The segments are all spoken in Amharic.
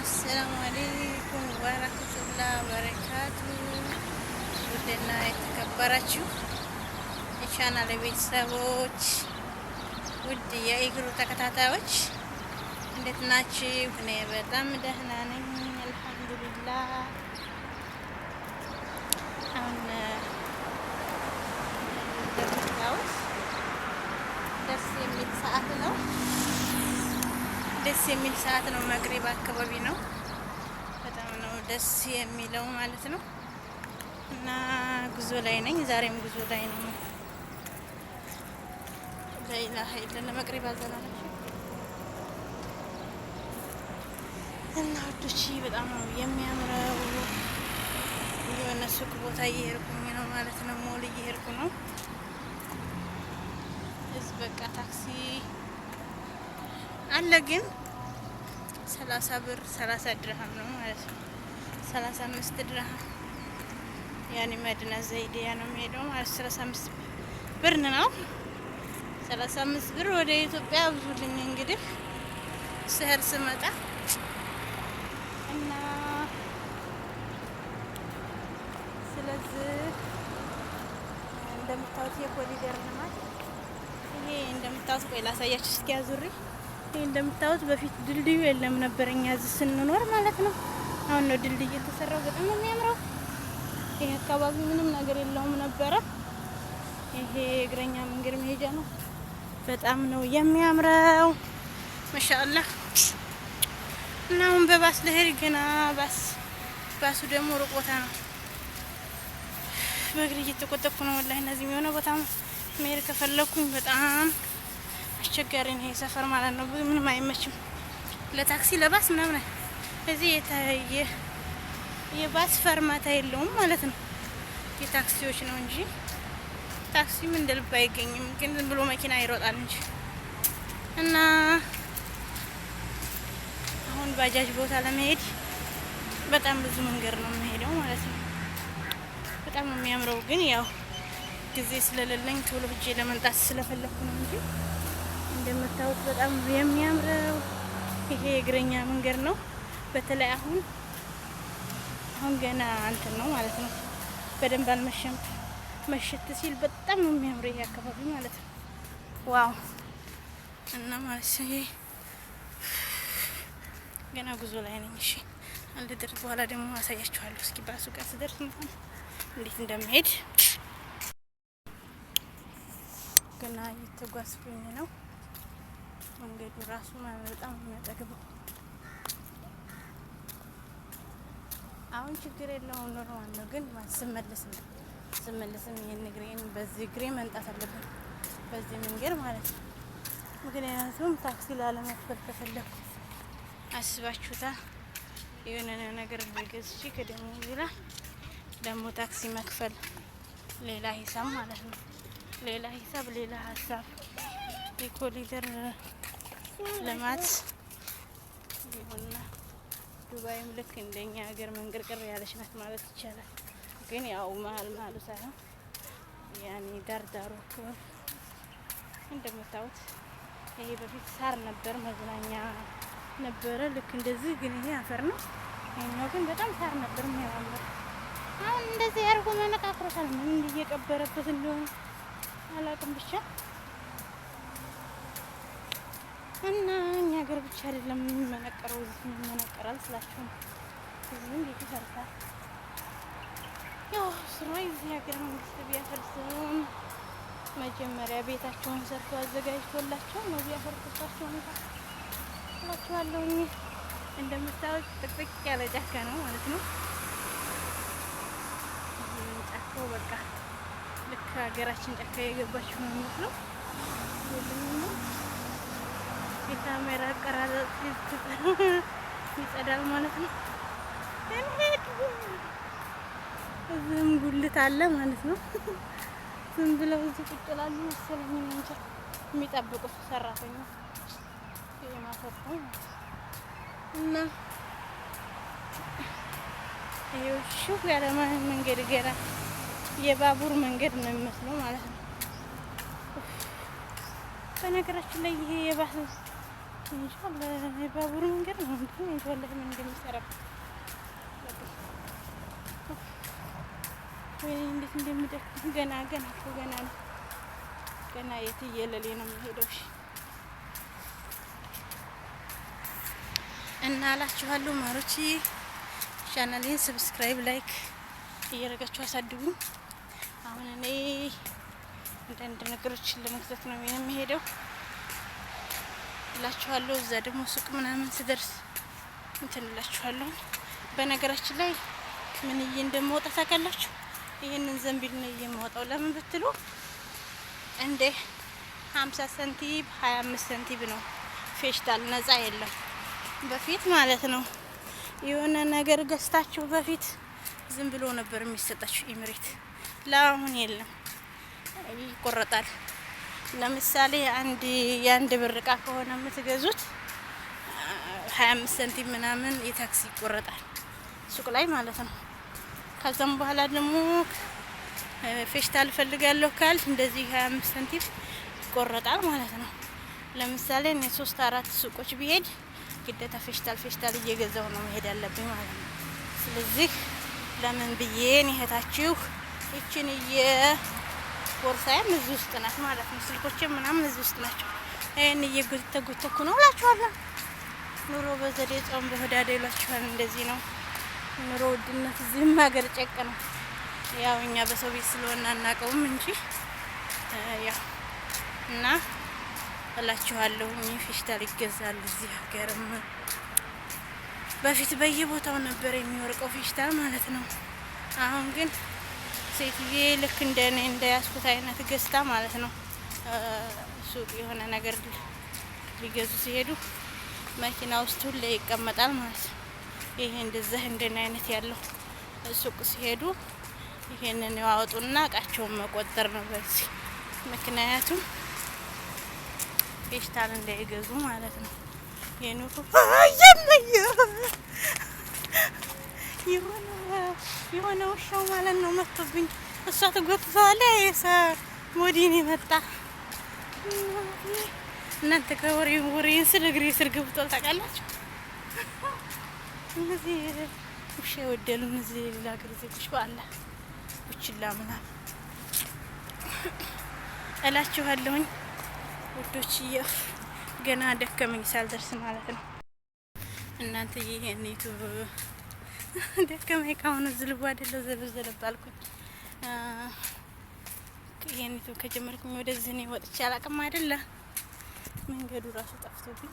አሰላሙ አሌይኩም ወረህመቱላ በረካቱ። ውድና የተከበራችሁ የቻናል ቤተሰቦች፣ ውድ የኢግሩ ተከታታዮች እንዴት ናችሁ? እኔ በጣም ደህና ነኝ አልሐምዱሊላህ። አሁን ደስ የሚል ሰዓት ነው። ደስ የሚል ሰዓት ነው። መግሪብ አካባቢ ነው። በጣም ነው ደስ የሚለው ማለት ነው። እና ጉዞ ላይ ነኝ። ዛሬም ጉዞ ላይ ነው። ላይላ ሀይል ለመግሪብ አዘናለች እና ወዶች በጣም ነው የሚያምረው። የሆነ ሱቅ ቦታ እየሄድኩኝ ነው ማለት ነው። ሞል እየሄድኩ ነው። እዚህ በቃ ታክሲ አለ ግን ሰላሳ ብር ሰላሳ ድርሃም ነው ማለት ነው። ሰላሳ አምስት ድርሃም ያኔ መዲና ዘይዲያ ነው የሚሄደው ማለት ሰላሳ አምስት ብር ነው። ሰላሳ አምስት ብር ወደ ኢትዮጵያ ብዙልኝ እንግዲህ ስህር ስመጣ እና ስለዚህ እንደምታዩት የኮሪደር ልማት ይሄ እንደምታዩት ቆይ ላሳያችሁ እስኪ አዙሪ ይህ እንደምታዩት በፊት ድልድዩ የለም ነበር፣ እኛ እዚህ ስንኖር ማለት ነው። አሁን ነው ድልድይ የተሰራው። በጣም የሚያምረው። ይሄ አካባቢ ምንም ነገር የለውም ነበረ። ይሄ እግረኛ መንገድ መሄጃ ነው። በጣም ነው የሚያምረው ማሻአላህ። እና አሁን በባስ ለሄድ ገና ባስ ባሱ ደግሞ ሩቅ ቦታ ነው። በእግር እየተቆጠኩ ነው ወላሂ። እነዚህ የሆነ ቦታ መሄድ ከፈለኩኝ በጣም አስቸጋሪ ነው የሰፈር ሰፈር ማለት ነው። ምንም አይመችም ለታክሲ ለባስ ምናምን። እዚህ የባስ ፈርማታ የለውም ማለት ነው። የታክሲዎች ነው እንጂ ታክሲም እንደ ልብ አይገኝም፣ ግን ዝም ብሎ መኪና ይሮጣል እንጂ እና አሁን ባጃጅ ቦታ ለመሄድ በጣም ብዙ መንገድ ነው የምሄደው ማለት ነው። በጣም የሚያምረው ግን ያው ጊዜ ስለሌለኝ ቶሎ ብዬ ለመምጣት ስለፈለኩ ነው እንጂ እንደምታዩት በጣም የሚያምረው ይሄ የእግረኛ መንገድ ነው። በተለይ አሁን አሁን ገና እንትን ነው ማለት ነው። በደንብ አልመሸም። መሸት ሲል በጣም ነው የሚያምረው ይሄ አካባቢ ማለት ነው። ዋው እና ማለት ይሄ ገና ጉዞ ላይ ነኝ። እሺ አንድ ድር በኋላ ደግሞ አሳያችኋለሁ። እስኪ ባሱ ጋር ስደርስ እንኳን እንዴት እንደምሄድ ገና እየተጓዝኩኝ ነው። መንገዱ ራሱ በጣም የሚያጠግበው። አሁን ችግር የለውም ኖርማል ነው። ግን ስመልስ ነው ስመልስም ይህን እግሬን በዚህ እግሬ መንጣት አለብን፣ በዚህ መንገድ ማለት ነው። ምክንያቱም ታክሲ ላለመክፈል ከፈለኩ አስባችሁታ የሆነ ነገር ብገዝቼ ከደሞ ሌላ ደግሞ ታክሲ መክፈል ሌላ ሂሳብ ማለት ነው። ሌላ ሂሳብ ሌላ ሀሳብ የኮሊደር ልማት ይሁንና ዱባይም ልክ እንደኛ ሀገር መንቅርቅር ያለች ናት ማለት ይቻላል። ግን ያው መሀል መሀሉ ሳይሆን ያኔ ዳር ዳሩ እንደምታዩት ይሄ በፊት ሳር ነበር፣ መዝናኛ ነበረ። ልክ እንደዚህ ግን ይሄ አፈር ነው። ይሄኛው ግን በጣም ሳር ነበር የሚያማምር። አሁን እንደዚህ አድርጎ መነቃቅሮታል። ምን እየቀበረበት እንደሆነ አላውቅም ብቻ እና እኛ ሀገር ብቻ አይደለም የሚመነቀረው፣ እዚህ የሚመነቀራል ስላችሁ ነው። እዚህም ቤት ይፈርሳል። ያው ስራ የዚህ ሀገር መንግስት ቢያፈርስም መጀመሪያ ቤታቸውን ሰርቶ አዘጋጅቶላቸው ነው ቢያፈርስባቸው እንኳ እላችኋለሁ። እንደምታወቅ ጥቅጥቅ ያለ ጫካ ነው ማለት ነው። ጫካው በቃ ልክ ሀገራችን ጫካ የገባችሁ ነው የሚመስለው። የካሜራ አቀራረጽ ይጸዳል ማለት ነው። እንሄድ እዚህም ጉልት አለ ማለት ነው። ዝም ብለው እዚህ ቁጭ ይላሉ መሰለኝ እንጂ የሚጠብቁት ሰራተኛ የማፈርቁ እና ይኸው ያለማ መንገድ ገና የባቡር መንገድ ነው የሚመስለው ማለት ነው። በነገራችን ላይ ይሄ የባስ እንሻላ የባቡር መንገድ ነው ወላ ምን እንደሚሰራው ወይኔ እንዴት እንደሚደክም ገና ገና ገና ነው ገና የት እየለሌ ነው የሚሄደው እና አላችኋለሁ ማሮች ቻናሌን ሰብስክራይብ ላይክ እየረጋችሁ አሳድጉ አሁን እኔ አንዳንድ ነገሮችን ለመግዛት ነው የሚሄደው እላችኋለሁ። እዛ ደግሞ ሱቅ ምናምን ስደርስ እንትን እላችኋለሁ። በነገራችን ላይ እዬ እንደማወጣ ታውቃላችሁ? ይህንን ዘንቢል ነው የማወጣው። ለምን ብትሉ እንደ ሀምሳ ሰንቲም ሀያ አምስት ሰንቲም ነው። ፌሽታል ነጻ የለም። በፊት ማለት ነው የሆነ ነገር ገዝታችሁ በፊት ዝም ብሎ ነበር የሚሰጣችሁ ኢምሬት። ለአሁን የለም፣ ይቆረጣል ለምሳሌ አንድ የአንድ ብር እቃ ከሆነ የምትገዙት ሀያ አምስት ሰንቲም ምናምን የታክሲ ይቆረጣል ሱቅ ላይ ማለት ነው። ከዛም በኋላ ደግሞ ፌሽታ ልፈልጋለሁ ካል እንደዚህ ሀያ አምስት ሰንቲም ይቆረጣል ማለት ነው። ለምሳሌ እኔ ሶስት አራት ሱቆች ቢሄድ ግዴታ ፌሽታል ፌሽታል እየገዛው ነው መሄድ ያለብኝ ማለት ነው። ስለዚህ ለምን ብዬ ይሄታችሁ ይችን እየ ቦርሳዬም እዚህ ውስጥ ናት ማለት ነው። ስልኮቼ ምናምን እዚህ ውስጥ ናቸው። ይህን እየጎተጎተኩ ነው እላችኋለሁ። ኑሮ በዘዴ ጾም በሆዳዴ ይሏችኋል። እንደዚህ ነው ኑሮ ውድነት። እዚህም ሀገር ጨቅ ነው። ያው እኛ በሰው ቤት ስለሆነ አናውቀውም እንጂ ያው እና እላችኋለሁ ፌሽታል ይገዛል እዚህ ሀገርም። በፊት በየቦታው ነበር የሚወርቀው ፌሽታል ማለት ነው። አሁን ግን ሴትዬ ልክ እንደ እኔ እንደያዝኩት አይነት ገዝታ ማለት ነው። ሱቅ የሆነ ነገር ሊገዙ ሲሄዱ መኪና ውስጥ ሁሌ ይቀመጣል ማለት ነው። ይሄ እንደዚህ እንደኔ አይነት ያለው ሱቅ ሲሄዱ ይሄንን ያወጡና እቃቸውን መቆጠር ነው። በዚህ ምክንያቱም ፌስታል እንዳይገዙ ማለት ነው። የኑሮ የሆነ የሆነ ውሻው ማለት ነው መጥቶብኝ፣ እሷ ትጎትተዋለች። ወዲን የመጣ እናንተ ከወሬ ወሬን ስል እግሬ ስር ገብቷል። ታውቃላችሁ እነዚህ ውሻ የወደሉ እነዚህ ሌላ ሀገር ዜጎች በአላ ውችላ ምናምን እላችኋለሁኝ ውዶች፣ ገና ደከመኝ ሳልደርስ ማለት ነው እናንተ ይሄን ዩቱብ ደከመኝ ካሁኑ ዝልቦ አይደለ ዘብዘለብ አልኩኝ። ይሄን ዩቱብ ከጀመርኩኝ ወደዚህ እኔ ወጥቼ አላውቅም አይደለ መንገዱ ራሱ ጠፍቶብኝ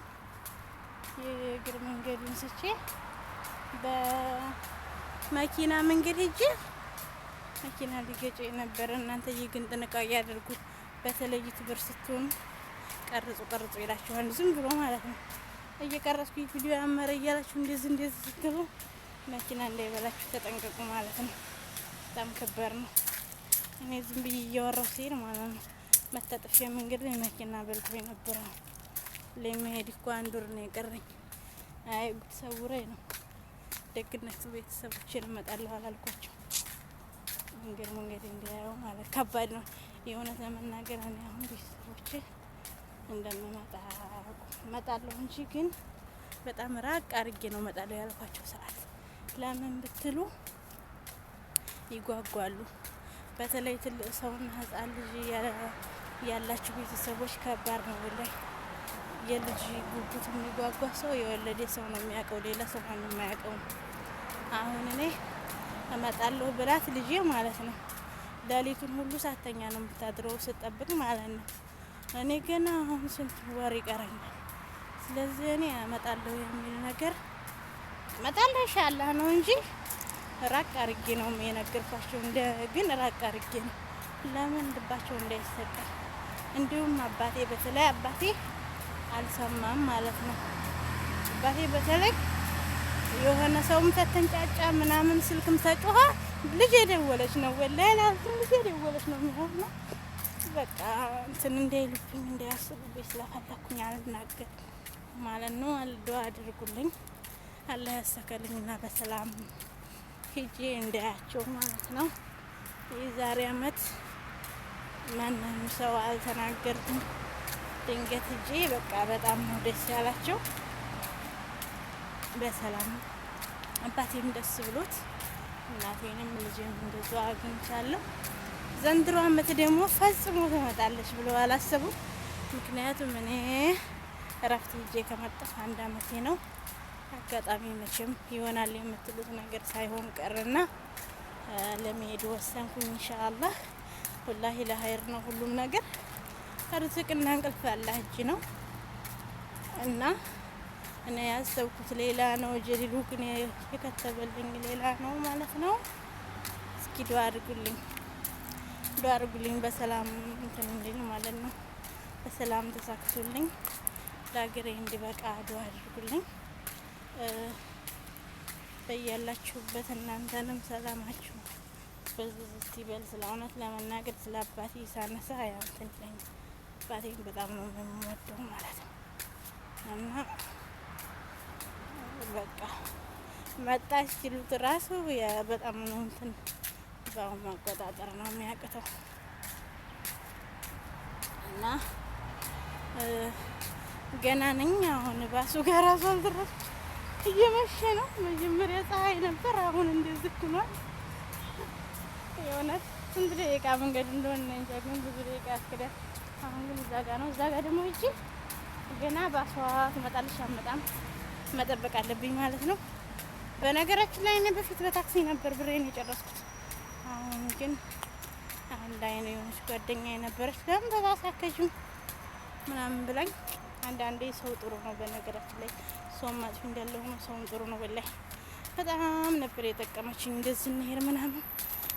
የእግር መንገዱን ስቼ በመኪና መንገድ ሄጄ መኪና ሊገጨ የነበረ እናንተ ይህ ግን ጥንቃቄ አድርጉ። በተለይ ዩቱበር ስትሆኑ ቀርጹ ቀርጹ ይላችኋል። ዝም ብሎ ማለት ነው እየቀረጽኩ ቪዲዮ ያመረ እያላችሁ እንደዚህ እንደዚህ ስትሉ መኪና እንዳይበላችሁ ተጠንቀቁ ማለት ነው። በጣም ከባድ ነው። እኔ ዝም ብዬ እያወራሁ ሲሄድ ማለት ነው መታጠፊያ መንገድ ላይ መኪና በልቶ ነበረ። ለመሄድ እኮ አንድ ወር ነው የቀረኝ። አይ ጉድ ሰውራኝ ነው ደግነቱ። ቤተሰቦች እመጣለሁ አላልኳቸው። መንገድ መንገድ እንዲያየው ማለት ከባድ ነው። የእውነት ለመናገር እኔ አሁን ቤተሰቦቼ እንደምመጣ መጣለሁ እንጂ ግን በጣም ራቅ አድርጌ ነው መጣለሁ ያልኳቸው ሰዓት ለምን ብትሉ ይጓጓሉ። በተለይ ትልቅ ሰውና ህጻን ልጅ ያላችሁ ቤተሰቦች ከባድ ነው። ላይ የልጅ ጉጉት የሚጓጓ ሰው የወለደ ሰው ነው የሚያውቀው፣ ሌላ ሰው ነው የማያውቀው። አሁን እኔ እመጣለሁ ብላት ልጄ ማለት ነው ሌሊቱን ሁሉ ሳተኛ ነው የምታድረው ስጠብቅ ማለት ነው። እኔ ገና አሁን ስንት ወር ይቀረኛል። ስለዚህ እኔ እመጣለሁ የሚል ነገር መጣለሻለህ ነው እንጂ ራቅ አርጌ ነው የነገርኳቸው። እንደ ግን ራቅ አርጌ ነው ለምን ልባቸው እንዳይሰቀል። እንዲሁም አባቴ በተለይ አባቴ አልሰማም ማለት ነው። አባቴ በተለይ የሆነ ሰውም ተተንጫጫ ምናምን ስልክም ተጮኸ ልጅ የደወለች ነው ወላሂ ላዝም ልጅ የደወለች ነው የሚሆን ነው በቃ እንትን እንዳይሉብኝ እንዳያስቡብኝ ስለፈለኩኝ አልናገር ማለት ነው። አልዶ አድርጉልኝ። አለ ያሳካልኝና በሰላም ሂጄ እንዳያቸው ማለት ነው። የዛሬ አመት ማንም ሰው አልተናገርኩም። ድንገት ሂጄ በቃ በጣም ነው ደስ ያላቸው። በሰላም አባቴም ደስ ብሎት እናቴንም ልጅም እንደዛ አግኝቻለሁ። ዘንድሮ አመት ደግሞ ፈጽሞ ትመጣለች ብሎ አላሰቡም። ምክንያቱም እኔ እረፍት ሂጄ ከመጣሁ አንድ አመቴ ነው። አጋጣሚ መቼም ይሆናል የምትሉት ነገር ሳይሆን ቀርና ለመሄድ ወሰንኩኝ። ኢንሻአላህ ወላሂ ለሀይር ነው ሁሉም ነገር። ርዝቅና እንቅልፍ ያለ እጅ ነው እና እኔ ያሰብኩት ሌላ ነው። ጀሊሉ ግን የከተበልኝ ሌላ ነው ማለት ነው። እስኪ ዱአ አድርጉልኝ፣ ዱአ አድርጉልኝ በሰላም እንትን እንዲል ማለት ነው። በሰላም ተሳክቶልኝ ለሀገሬ እንዲበቃ ዱአ አድርጉልኝ። በያላችሁበት እናንተንም ሰላማችሁ በዝዝት ይበል። ስለ እውነት ለመናገር ስለ አባቴ ሳነሳ ያንተኝ አባቴን በጣም ነው የምወደው ማለት ነው። እና በቃ መጣች ሲሉት ራሱ በጣም ነው እንትን እዛው ማቆጣጠር ነው የሚያቅተው እና ገና ነኝ አሁን ባሱ ጋር ራሱ አልደረስኩም እየመሸ ነው። መጀመሪያ ፀሐይ ነበር፣ አሁን እንደዚህ ሆኗል። የእውነት ስንት ደቂቃ መንገድ እንደሆነ እንጃ፣ ግን ብዙ ደቂቃ ያስኬዳል። አሁን ግን እዛ ጋ ነው። እዛ ጋ ደግሞ ይቺ ገና ባሷ ትመጣለች። አመጣም መጠበቅ አለብኝ ማለት ነው። በነገራችን ላይ እኔ በፊት በታክሲ ነበር ብሬን የጨረስኩት። አሁን ግን አንድ አይነ የሆነች ጓደኛ የነበረች ለምን በባስ አከጅም ምናምን ብላኝ። አንዳንዴ ሰው ጥሩ ነው በነገራችን ላይ ሰውም አጥፊ እንዳለሁ ነው። ሰውም ጥሩ ነው። ወላሂ በጣም ነበር የጠቀመችኝ። እንደዚህ እንሄድ ምናምን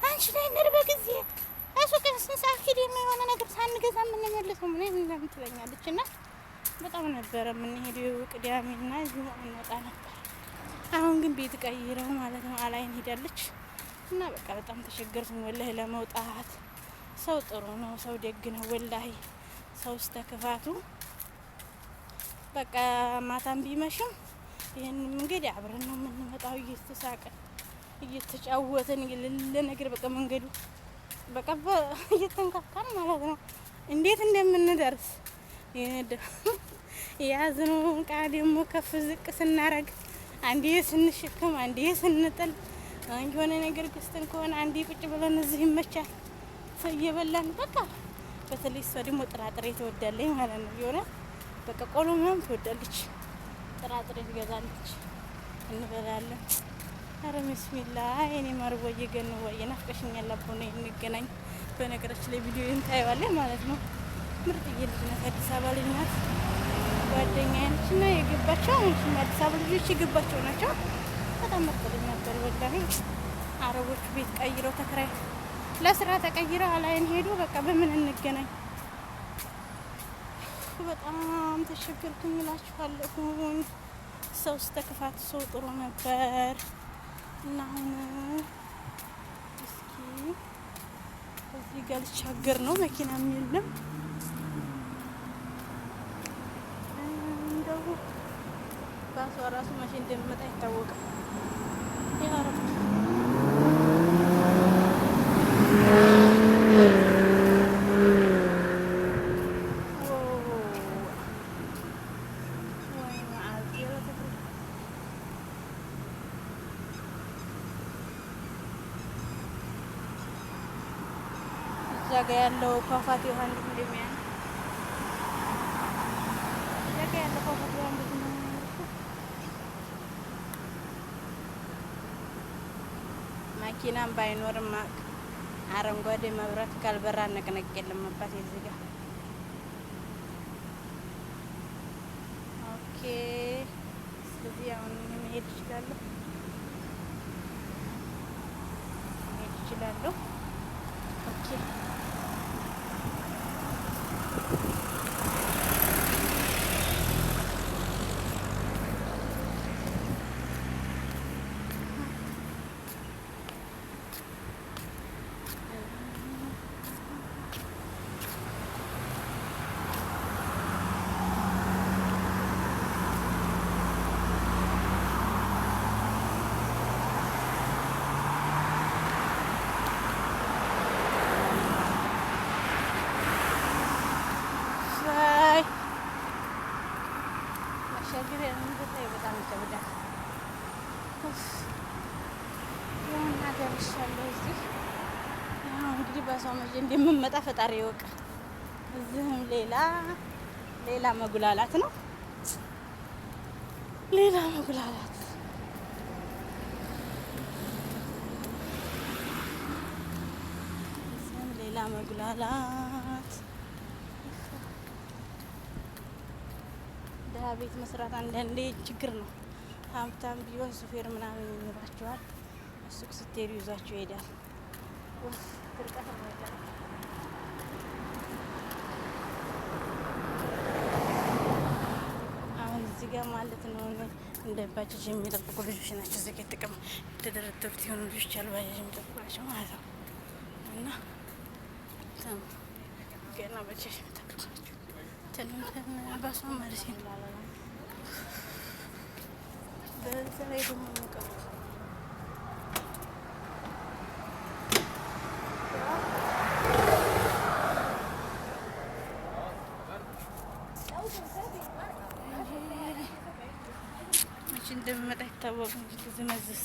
አንቺ ላይ ነር በጊዜ ሱቅ ስንት ሰዓት የሆነ ነገር ሳንገዛ የምንመለሰው ምናምን ምናምን ትለኛለች እና በጣም ነበረ የምንሄደው ቅዳሜና ጁሙዓ እንወጣ ነበር። አሁን ግን ቤት ቀይረው ማለት ነው አላይን ሄዳለች እና በቃ በጣም ተቸገርኩኝ ወላሂ ለመውጣት። ሰው ጥሩ ነው፣ ሰው ደግ ነው ወላሂ ሰው እስከ ክፋቱ በቃ ማታም ቢመሽም ይህንም መንገድ አብረን ነው የምንመጣው፣ እየተሳቅን እየተጫወትን ልለ ነገር በቃ መንገዱ በቃ እየተንካካን ማለት ነው። እንዴት እንደምንደርስ የያዝነውን እቃ ደግሞ ከፍ ዝቅ ስናረግ አንዴ ስንሸክም፣ አንዴ ስንጥል የሆነ ነገር ገዝተን ከሆነ አንዴ ቁጭ ብለን እዚህ ይመቻል እየበላን በቃ በተለይ እሷ ደግሞ ጥራጥሬ ትወዳለች ማለት ነው የሆነ በቃ ቆሎ ምናምን ትወዳለች። ጥራጥሬ ትገዛለች፣ እንበላለን። አረ እኔ ማርወየ ገን ወየ ናፍቀሽኛል። እንገናኝ። በነገራችን ላይ ቪዲዮ እንታየዋለን ማለት ነው። ልጅ ናት፣ አዲስ አበባ ልጅ ናት። ጓደኛ እና የገባቸው አዲስ አበባ ልጆች የገባቸው ናቸው። በጣም ምርጥ ልጅ ነበር ወላሂ። አረቦቹ ቤት ቀይረው ተከራይ ለስራ ተቀይረው ሄዱ። በቃ በምን እንገናኝ በጣም ተሸገርኩኝ እላችኋለሁኝ። ሰው ስተ ክፋት ሰው ጥሩ ነበር እና አሁን እስኪ በዚህ ጋር ልሻገር ነው። መኪናም የለም እንደው ባሷ ራሱ መቼ እንደሚመጣ ይታወቃል። kayak ndo kofa ya. kayak ndo kofa tiuhan di kirim makina mbay nur mak aram kalberan nak nak kirim mabrat ya oke okay. Jadi yang ሰው ነው እንደምመጣ ፈጣሪ ይወቅ። እዚህም ሌላ ሌላ መጉላላት ነው፣ ሌላ መጉላላት ሌላ መጉላላት። ድሀ ቤት መስራት አንዳንዴ ችግር ነው። ሀብታም ቢሆን ሱፌር ምናምን ይኖራቸዋል። ሱቅ ስትሄዱ ይዟቸው ይሄዳል። አሁን እዚህ ጋር ማለት ነው እንዳይባጃጅ የሚጠብቁ ልጆች ናቸው። እዚህ ጋ ጥቅም የተደረደሩት የሆኑ ልጆች አሉ፣ ባጃጅ የሚጠብቁ ናቸው ማለት ነው እና ገና ባጃጅ የሚጠብቁ ናቸው። ባሷ ማለት ነው በዛ ላይ ደግሞ እንደምመጣ አይታወቅም። ዝመዝስ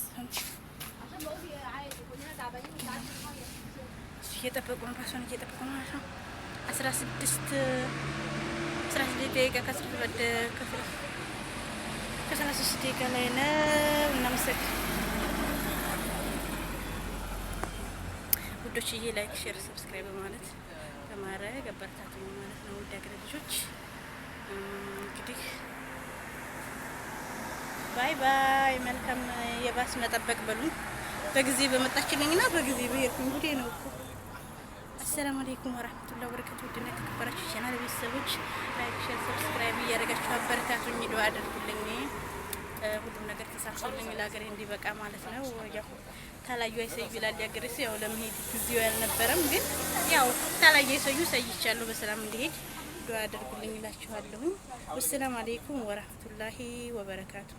እየጠበቁ ነው። ራሷን እየጠበቁ ነው ማለት ነው። አስራ ስድስት አስራ ስድስት ደቂቃ ከአስራ ሰባት ከሰላ ሶስት ደቂቃ ላይ ነው። እናመሰግ ውዶችዬ፣ ላይክ፣ ሼር፣ ሰብስክራይብ ማለት በማድረግ አበረታቱኝ ማለት ነው። ውድ አገሬ ልጆች እንግዲህ ባይ ባይ። መልካም የባስ መጠበቅ በሉኝ። በጊዜ በመጣችልኝና በጊዜ በየርኩኝ ጉዴ ነው እኮ። አሰላሙ አለይኩም ወራህመቱላሂ ወበረካቱ። ውድና የተከበራችሁ ቻናል ቤተሰቦች ላይክ፣ ሼር፣ ሰብስክራይብ እያደረጋችሁ አበረታቱኝ። ዱአ አድርጉልኝ። ሁሉም ነገር ተሳክቶልኝ ለሀገሬ እንዲበቃ ማለት ነው። ያው ታላዩ አይሰዩ ይላል ያገሬ ሰው። ያው ለመሄድ ጊዜው ያልነበረም ግን ያው ታላዩ አይሰዩ ሰይቻለሁ። በሰላም እንዲሄድ ዱአ አድርጉልኝ እላችኋለሁ። ወሰላሙ አለይኩም ወራህመቱላሂ ወበረካቱ።